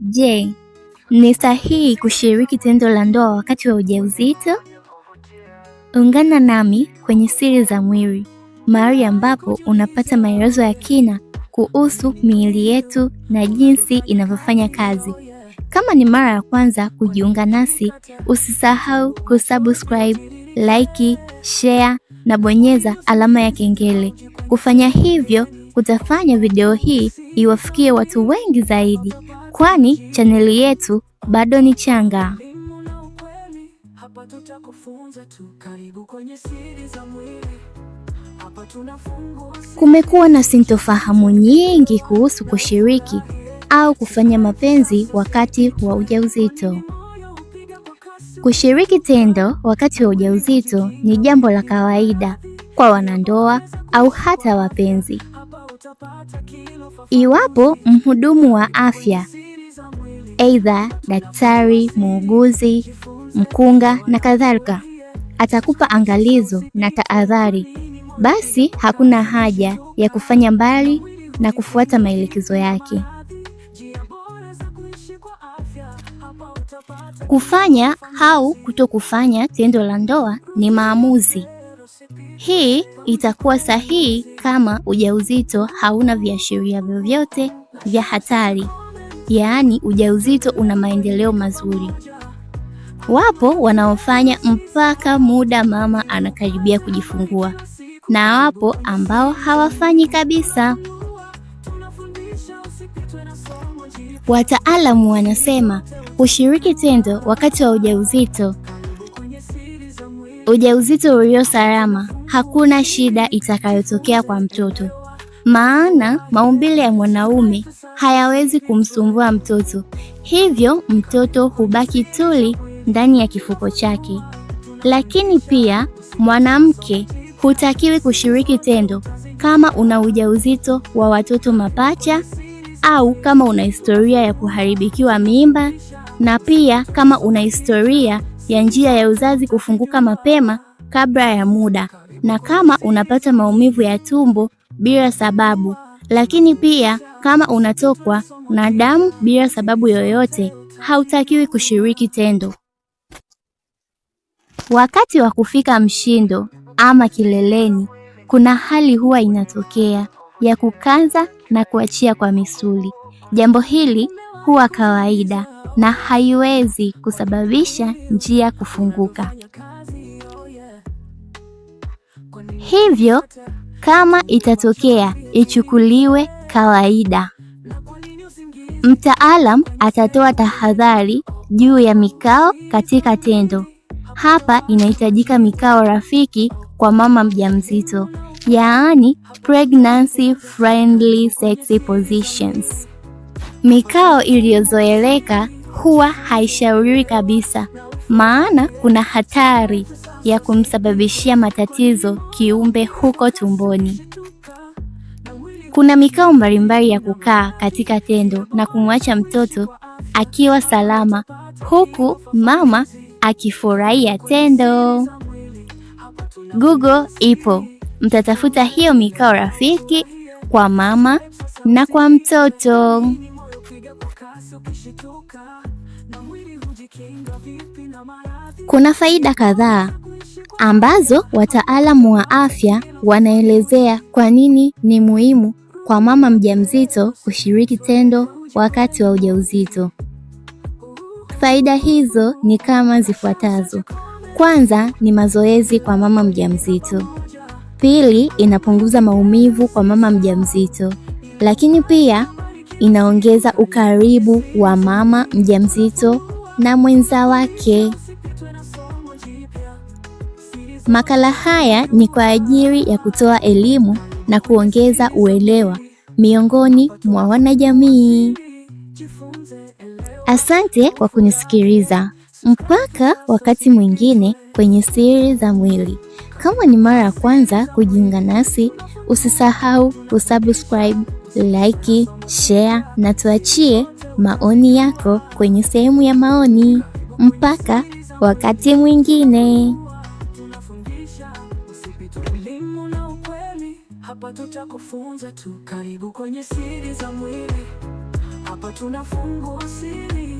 Je, ni sahihi kushiriki tendo la ndoa wakati wa ujauzito? Ungana nami kwenye Siri za Mwili, mahali ambapo unapata maelezo ya kina kuhusu miili yetu na jinsi inavyofanya kazi. Kama ni mara ya kwanza kujiunga nasi, usisahau kusubscribe, like, share na bonyeza alama ya kengele. Kufanya hivyo kutafanya video hii iwafikie watu wengi zaidi kwani chaneli yetu bado ni changa. Kumekuwa na sintofahamu nyingi kuhusu kushiriki au kufanya mapenzi wakati wa ujauzito. Kushiriki tendo wakati wa ujauzito ni jambo la kawaida kwa wanandoa au hata wapenzi, iwapo mhudumu wa afya aidha daktari, muuguzi, mkunga na kadhalika, atakupa angalizo na tahadhari, basi hakuna haja ya kufanya mbali na kufuata maelekezo yake. Kufanya au kuto kufanya tendo la ndoa ni maamuzi. Hii itakuwa sahihi kama ujauzito hauna viashiria vyovyote vya hatari yaani ujauzito una maendeleo mazuri. Wapo wanaofanya mpaka muda mama anakaribia kujifungua na wapo ambao hawafanyi kabisa. Wataalamu wanasema ushiriki tendo wakati wa ujauzito, ujauzito ulio salama, hakuna shida itakayotokea kwa mtoto maana maumbile ya mwanaume hayawezi kumsumbua mtoto, hivyo mtoto hubaki tuli ndani ya kifuko chake. Lakini pia mwanamke hutakiwi kushiriki tendo kama una ujauzito wa watoto mapacha au kama una historia ya kuharibikiwa mimba na pia kama una historia ya njia ya uzazi kufunguka mapema kabla ya muda na kama unapata maumivu ya tumbo bila sababu, lakini pia kama unatokwa na damu bila sababu yoyote, hautakiwi kushiriki tendo. Wakati wa kufika mshindo ama kileleni, kuna hali huwa inatokea ya kukanza na kuachia kwa misuli. Jambo hili huwa kawaida na haiwezi kusababisha njia kufunguka. Hivyo kama itatokea ichukuliwe kawaida. Mtaalam atatoa tahadhari juu ya mikao katika tendo. Hapa inahitajika mikao rafiki kwa mama mjamzito, yaani pregnancy friendly sexy positions. Mikao iliyozoeleka huwa haishauriwi kabisa maana kuna hatari ya kumsababishia matatizo kiumbe huko tumboni. Kuna mikao mbalimbali ya kukaa katika tendo na kumwacha mtoto akiwa salama huku mama akifurahia tendo. Google ipo, mtatafuta hiyo mikao rafiki kwa mama na kwa mtoto. Kuna faida kadhaa ambazo wataalamu wa afya wanaelezea kwa nini ni muhimu kwa mama mjamzito kushiriki tendo wakati wa ujauzito. Faida hizo ni kama zifuatazo. Kwanza ni mazoezi kwa mama mjamzito. Pili, inapunguza maumivu kwa mama mjamzito. Lakini pia inaongeza ukaribu wa mama mjamzito na mwenza wake. Makala haya ni kwa ajili ya kutoa elimu na kuongeza uelewa miongoni mwa wanajamii. Asante kwa kunisikiliza. Mpaka wakati mwingine kwenye Siri za Mwili. Kama ni mara ya kwanza kujiunga nasi, usisahau kusubscribe, like, share na tuachie maoni yako kwenye sehemu ya maoni. Mpaka wakati mwingine. hapa, tutakufunza tu. Karibu kwenye siri za mwili hapa, tunafungua siri.